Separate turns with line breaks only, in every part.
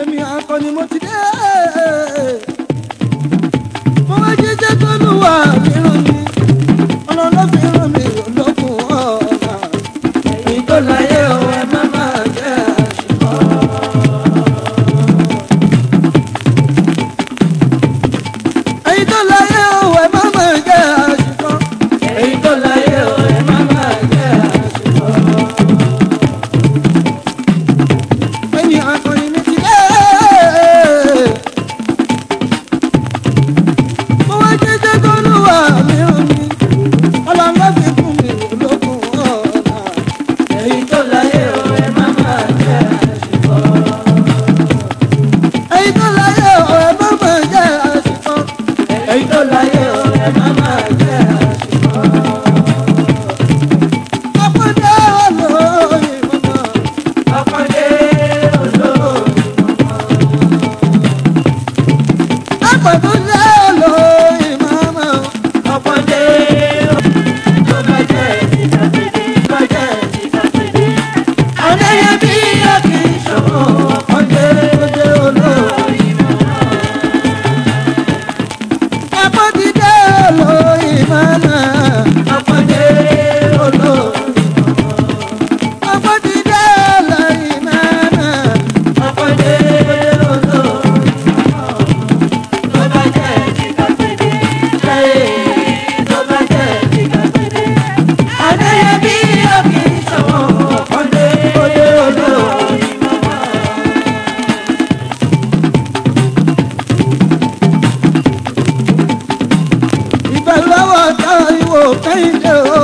èmi akọni mo ti dé. mo wá jíjẹ́ tó lù wá mí mi. 我陪着。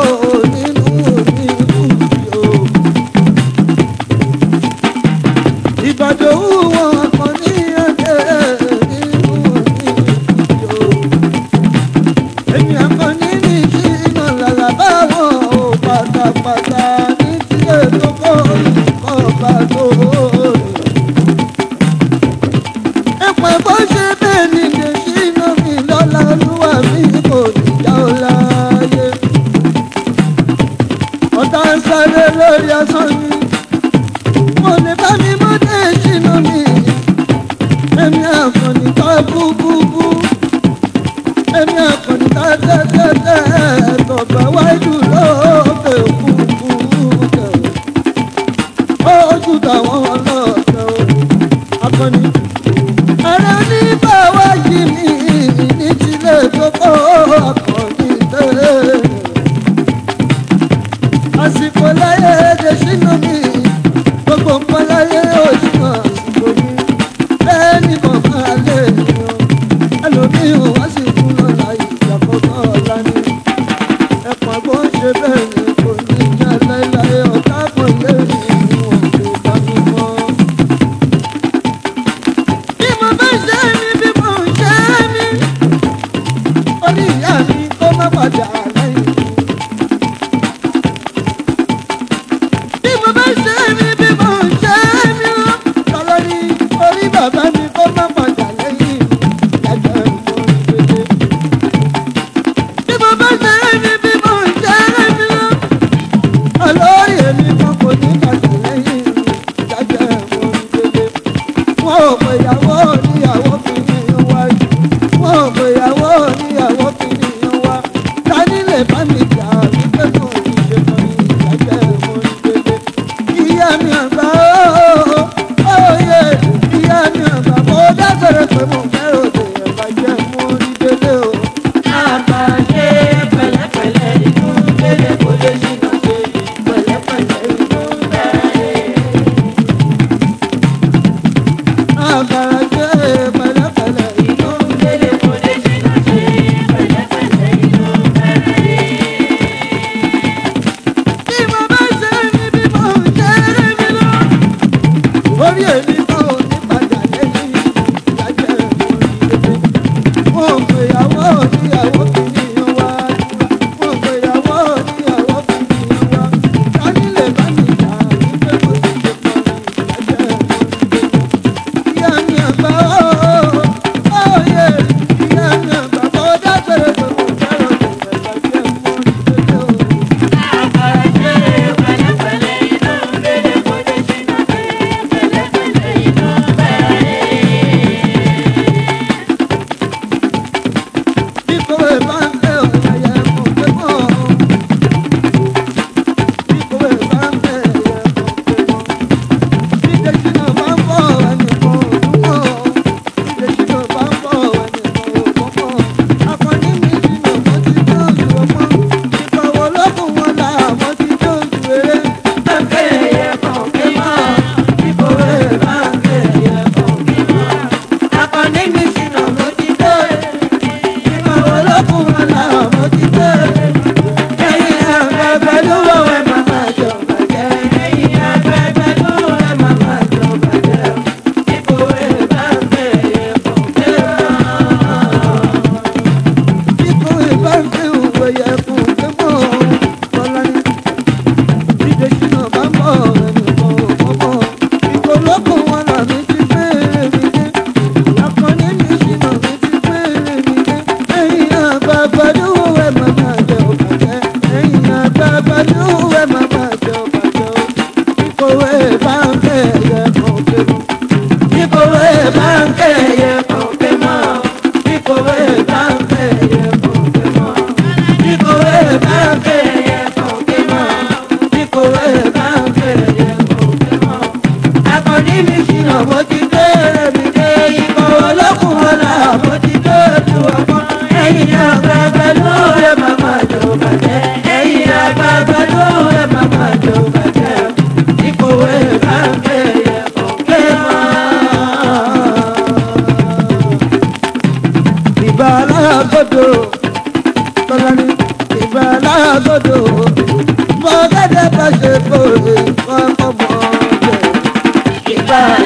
Oh, oh, oh.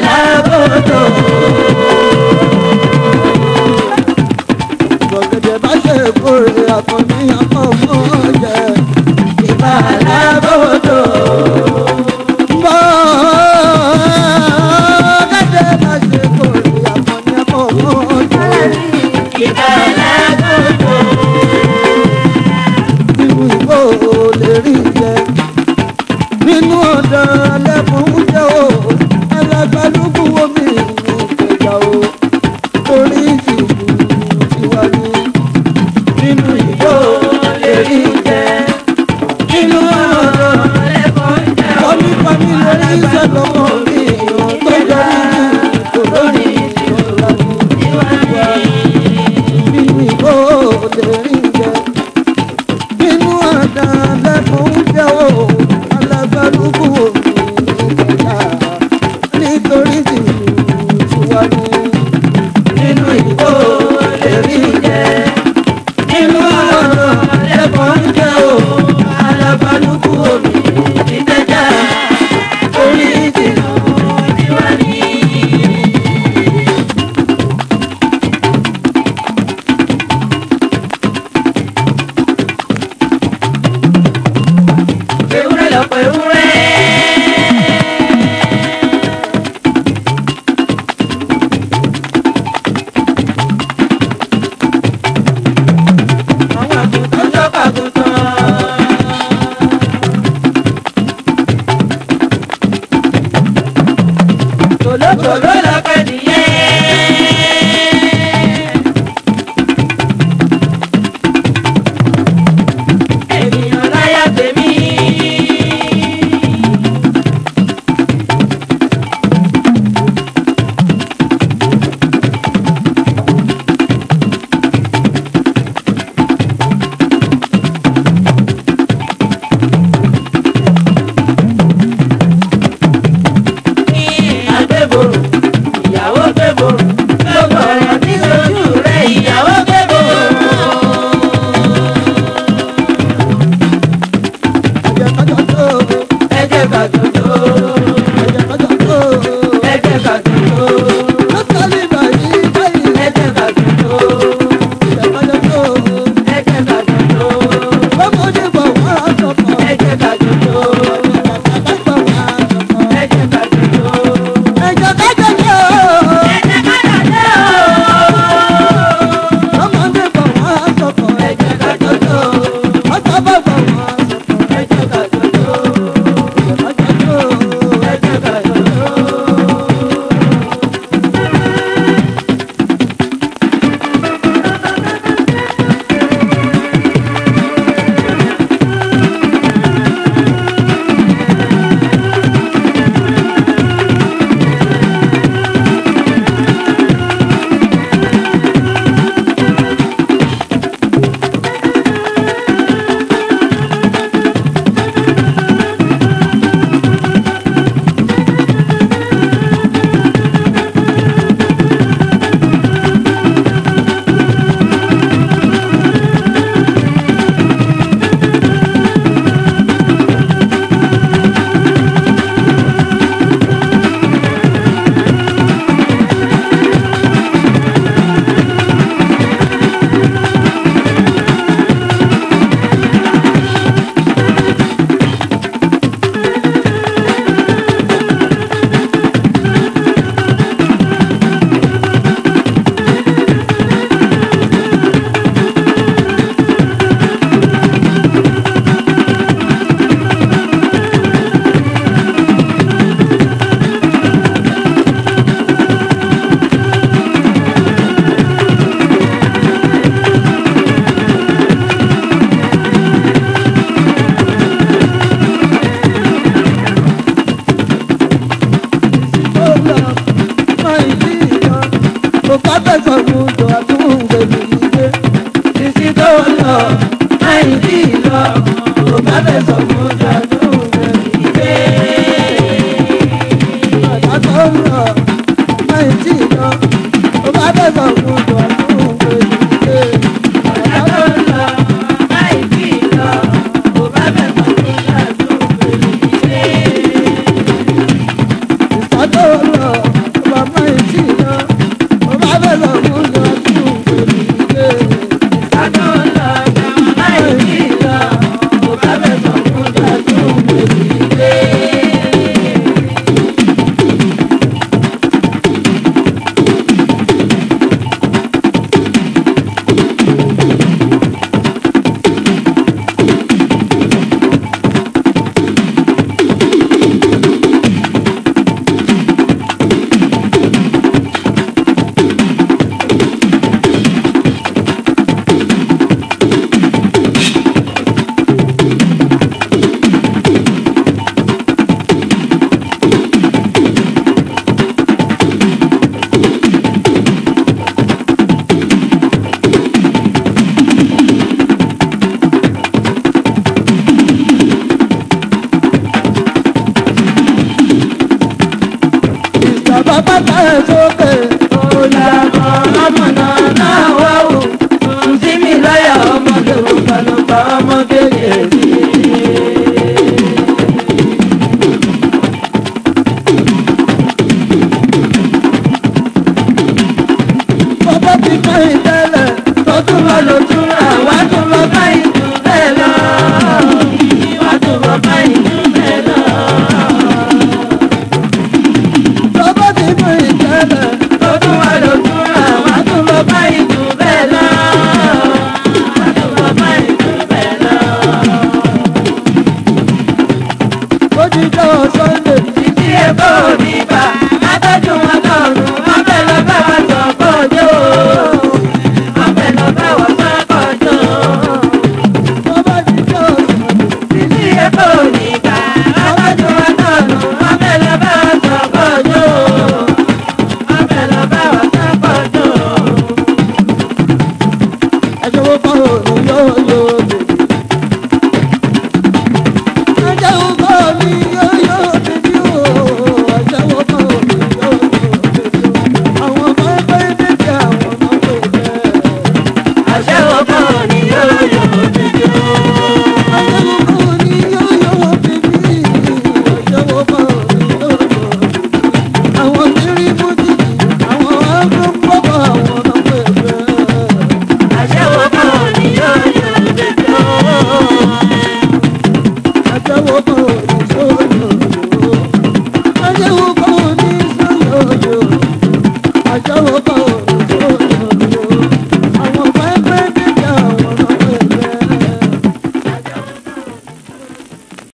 lábòtò.